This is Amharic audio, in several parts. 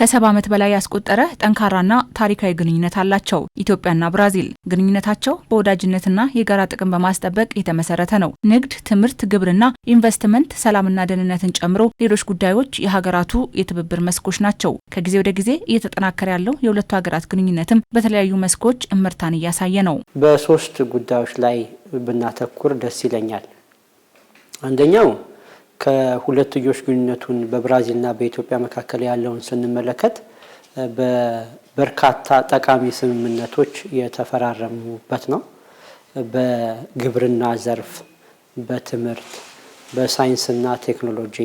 ከሰባ ዓመት በላይ ያስቆጠረ ጠንካራና ታሪካዊ ግንኙነት አላቸው። ኢትዮጵያና ብራዚል ግንኙነታቸው በወዳጅነትና የጋራ ጥቅም በማስጠበቅ የተመሰረተ ነው። ንግድ፣ ትምህርት፣ ግብርና፣ ኢንቨስትመንት፣ ሰላምና ደህንነትን ጨምሮ ሌሎች ጉዳዮች የሀገራቱ የትብብር መስኮች ናቸው። ከጊዜ ወደ ጊዜ እየተጠናከረ ያለው የሁለቱ ሀገራት ግንኙነትም በተለያዩ መስኮች እምርታን እያሳየ ነው። በሶስት ጉዳዮች ላይ ብናተኩር ደስ ይለኛል። አንደኛው ከሁለትዮሽ ግንኙነቱን በብራዚልና በኢትዮጵያ መካከል ያለውን ስንመለከት በበርካታ ጠቃሚ ስምምነቶች የተፈራረሙበት ነው። በግብርና ዘርፍ፣ በትምህርት፣ በሳይንስና ቴክኖሎጂ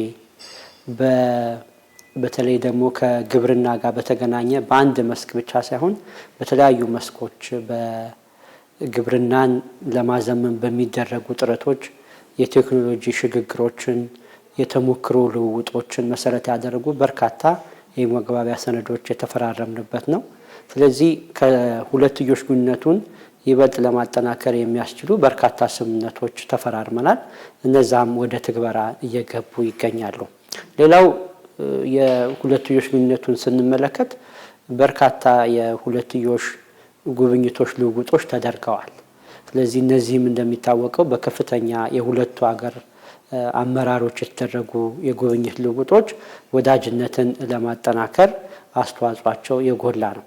በተለይ ደግሞ ከግብርና ጋር በተገናኘ በአንድ መስክ ብቻ ሳይሆን በተለያዩ መስኮች በግብርናን ለማዘመን በሚደረጉ ጥረቶች የቴክኖሎጂ ሽግግሮችን የተሞክሮ ልውውጦችን መሰረት ያደረጉ በርካታ የመግባቢያ ሰነዶች የተፈራረምንበት ነው። ስለዚህ ከሁለትዮሽ ግንኙነቱን ይበልጥ ለማጠናከር የሚያስችሉ በርካታ ስምምነቶች ተፈራርመናል። እነዛም ወደ ትግበራ እየገቡ ይገኛሉ። ሌላው የሁለትዮሽ ግንኙነቱን ስንመለከት በርካታ የሁለትዮሽ ጉብኝቶች፣ ልውውጦች ተደርገዋል። ስለዚህ እነዚህም እንደሚታወቀው በከፍተኛ የሁለቱ ሀገር አመራሮች የተደረጉ የጉብኝት ልውጦች ወዳጅነትን ለማጠናከር አስተዋጽቸው የጎላ ነው።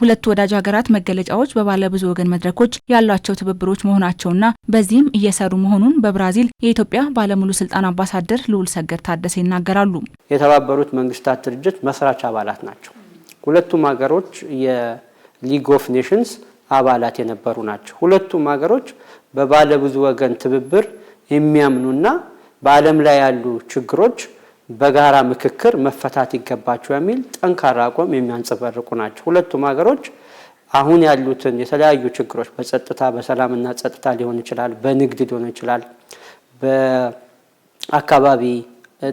ሁለቱ ወዳጅ ሀገራት መገለጫዎች በባለ ብዙ ወገን መድረኮች ያሏቸው ትብብሮች መሆናቸውና በዚህም እየሰሩ መሆኑን በብራዚል የኢትዮጵያ ባለሙሉ ስልጣን አምባሳደር ልዑል ሰገድ ታደሰ ይናገራሉ። የተባበሩት መንግስታት ድርጅት መስራች አባላት ናቸው። ሁለቱም ሀገሮች የሊግ ኦፍ ኔሽንስ አባላት የነበሩ ናቸው። ሁለቱም ሀገሮች በባለ ብዙ ወገን ትብብር የሚያምኑና በዓለም ላይ ያሉ ችግሮች በጋራ ምክክር መፈታት ይገባቸው የሚል ጠንካራ አቋም የሚያንጸባርቁ ናቸው። ሁለቱም ሀገሮች አሁን ያሉትን የተለያዩ ችግሮች በጸጥታ በሰላምና ጸጥታ ሊሆን ይችላል፣ በንግድ ሊሆን ይችላል፣ በአካባቢ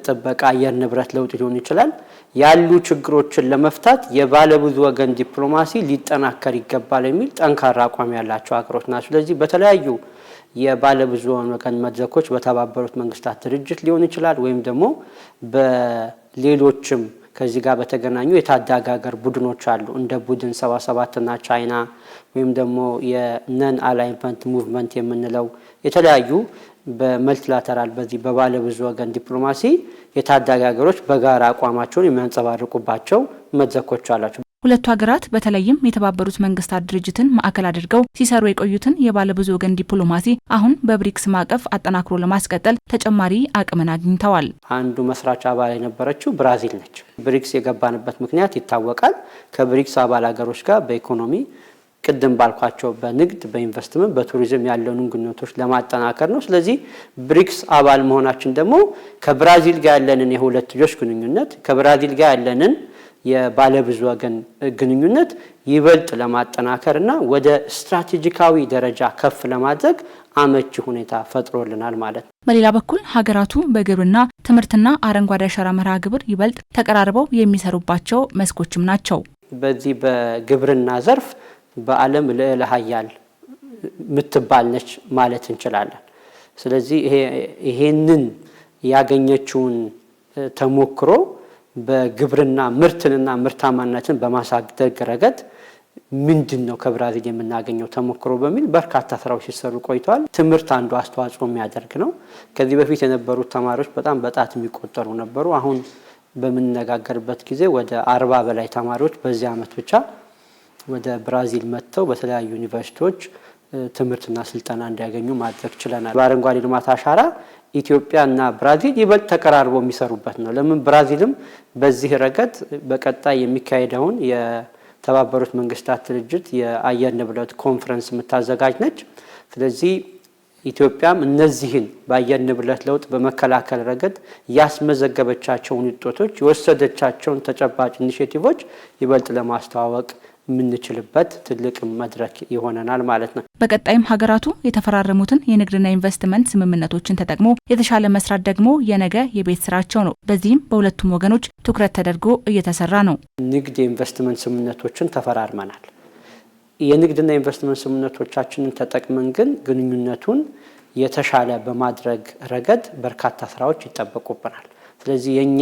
ጥበቃ፣ አየር ንብረት ለውጥ ሊሆን ይችላል ያሉ ችግሮችን ለመፍታት የባለብዙ ወገን ዲፕሎማሲ ሊጠናከር ይገባል የሚል ጠንካራ አቋም ያላቸው ሀገሮች ናቸው። ስለዚህ በተለያዩ የባለብዙ ወገን መድረኮች በተባበሩት መንግስታት ድርጅት ሊሆን ይችላል ወይም ደግሞ በሌሎችም ከዚህ ጋር በተገናኙ የታዳጊ ሀገር ቡድኖች አሉ እንደ ቡድን ሰባ ሰባትና ቻይና ወይም ደግሞ የነን አላይንመንት ሙቭመንት የምንለው የተለያዩ በመልቲላተራል በዚህ በባለ ብዙ ወገን ዲፕሎማሲ የታዳጊ ሀገሮች በጋራ አቋማቸውን የሚያንጸባርቁባቸው መድረኮች አላቸው። ሁለቱ ሀገራት በተለይም የተባበሩት መንግስታት ድርጅትን ማዕከል አድርገው ሲሰሩ የቆዩትን የባለብዙ ወገን ዲፕሎማሲ አሁን በብሪክስ ማዕቀፍ አጠናክሮ ለማስቀጠል ተጨማሪ አቅምን አግኝተዋል። አንዱ መስራች አባል የነበረችው ብራዚል ነች። ብሪክስ የገባንበት ምክንያት ይታወቃል። ከብሪክስ አባል ሀገሮች ጋር በኢኮኖሚ ቅድም ባልኳቸው በንግድ፣ በኢንቨስትመንት፣ በቱሪዝም ያለውን ግንኙነቶች ለማጠናከር ነው። ስለዚህ ብሪክስ አባል መሆናችን ደግሞ ከብራዚል ጋር ያለንን የሁለትዮሽ ግንኙነት ከብራዚል ጋር ያለንን የባለብዙ ወገን ግንኙነት ይበልጥ ለማጠናከር እና ወደ ስትራቴጂካዊ ደረጃ ከፍ ለማድረግ አመቺ ሁኔታ ፈጥሮልናል ማለት ነው። በሌላ በኩል ሀገራቱ በግብርና ትምህርትና አረንጓዴ አሻራ መርሃ ግብር ይበልጥ ተቀራርበው የሚሰሩባቸው መስኮችም ናቸው። በዚህ በግብርና ዘርፍ በዓለም ልዕለ ሀያል ነች ማለት እንችላለን። ስለዚህ ይሄንን ያገኘችውን ተሞክሮ በግብርና ምርትንና ምርታማነትን በማሳደግ ረገድ ምንድን ነው ከብራዚል የምናገኘው ተሞክሮ በሚል በርካታ ስራዎች ሲሰሩ ቆይተዋል። ትምህርት አንዱ አስተዋጽኦ የሚያደርግ ነው። ከዚህ በፊት የነበሩት ተማሪዎች በጣም በጣት የሚቆጠሩ ነበሩ። አሁን በምንነጋገርበት ጊዜ ወደ አርባ በላይ ተማሪዎች በዚህ ዓመት ብቻ ወደ ብራዚል መጥተው በተለያዩ ዩኒቨርሲቲዎች ትምህርትና ስልጠና እንዲያገኙ ማድረግ ችለናል። በአረንጓዴ ልማት አሻራ ኢትዮጵያና ብራዚል ይበልጥ ተቀራርበው የሚሰሩበት ነው። ለምን ብራዚልም በዚህ ረገድ በቀጣይ የሚካሄደውን የተባበሩት መንግስታት ድርጅት የአየር ንብረት ኮንፈረንስ የምታዘጋጅ ነች። ስለዚህ ኢትዮጵያም እነዚህን በአየር ንብረት ለውጥ በመከላከል ረገድ ያስመዘገበቻቸውን ውጤቶች የወሰደቻቸውን ተጨባጭ ኢኒሽቲቮች ይበልጥ ለማስተዋወቅ የምንችልበት ትልቅ መድረክ ይሆነናል ማለት ነው። በቀጣይም ሀገራቱ የተፈራረሙትን የንግድና ኢንቨስትመንት ስምምነቶችን ተጠቅሞ የተሻለ መስራት ደግሞ የነገ የቤት ስራቸው ነው። በዚህም በሁለቱም ወገኖች ትኩረት ተደርጎ እየተሰራ ነው። ንግድ የኢንቨስትመንት ስምምነቶችን ተፈራርመናል። የንግድና ኢንቨስትመንት ስምምነቶቻችንን ተጠቅመን ግን ግንኙነቱን የተሻለ በማድረግ ረገድ በርካታ ስራዎች ይጠበቁብናል። ስለዚህ የእኛ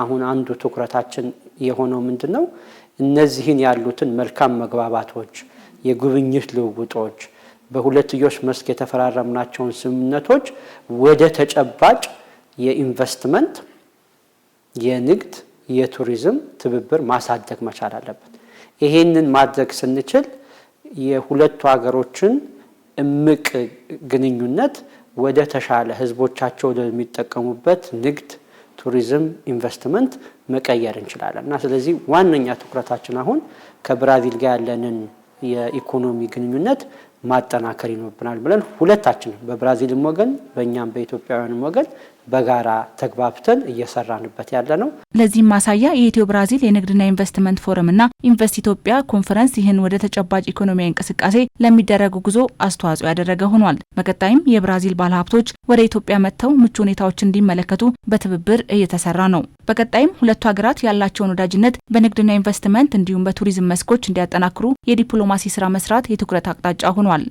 አሁን አንዱ ትኩረታችን የሆነው ምንድን ነው? እነዚህን ያሉትን መልካም መግባባቶች፣ የጉብኝት ልውውጦች፣ በሁለትዮሽ መስክ የተፈራረምናቸውን ስምምነቶች ወደ ተጨባጭ የኢንቨስትመንት፣ የንግድ፣ የቱሪዝም ትብብር ማሳደግ መቻል አለበት። ይሄንን ማድረግ ስንችል የሁለቱ ሀገሮችን እምቅ ግንኙነት ወደ ተሻለ ህዝቦቻቸው ወደሚጠቀሙበት ንግድ ቱሪዝም ኢንቨስትመንት መቀየር እንችላለን እና ስለዚህ ዋነኛ ትኩረታችን አሁን ከብራዚል ጋር ያለንን የኢኮኖሚ ግንኙነት ማጠናከር ይኖርብናል ብለን ሁለታችን በብራዚልም ወገን በእኛም በኢትዮጵያውያንም ወገን በጋራ ተግባብተን እየሰራንበት ያለ ነው። ለዚህም ማሳያ የኢትዮ ብራዚል የንግድና ኢንቨስትመንት ፎረምና ኢንቨስት ኢትዮጵያ ኮንፈረንስ ይህን ወደ ተጨባጭ ኢኮኖሚያዊ እንቅስቃሴ ለሚደረጉ ጉዞ አስተዋጽኦ ያደረገ ሆኗል። በቀጣይም የብራዚል ባለሀብቶች ወደ ኢትዮጵያ መጥተው ምቹ ሁኔታዎች እንዲመለከቱ በትብብር እየተሰራ ነው። በቀጣይም ሁለቱ ሀገራት ያላቸውን ወዳጅነት በንግድና ኢንቨስትመንት እንዲሁም በቱሪዝም መስኮች እንዲያጠናክሩ የዲፕሎማሲ ስራ መስራት የትኩረት አቅጣጫ ሆኗል።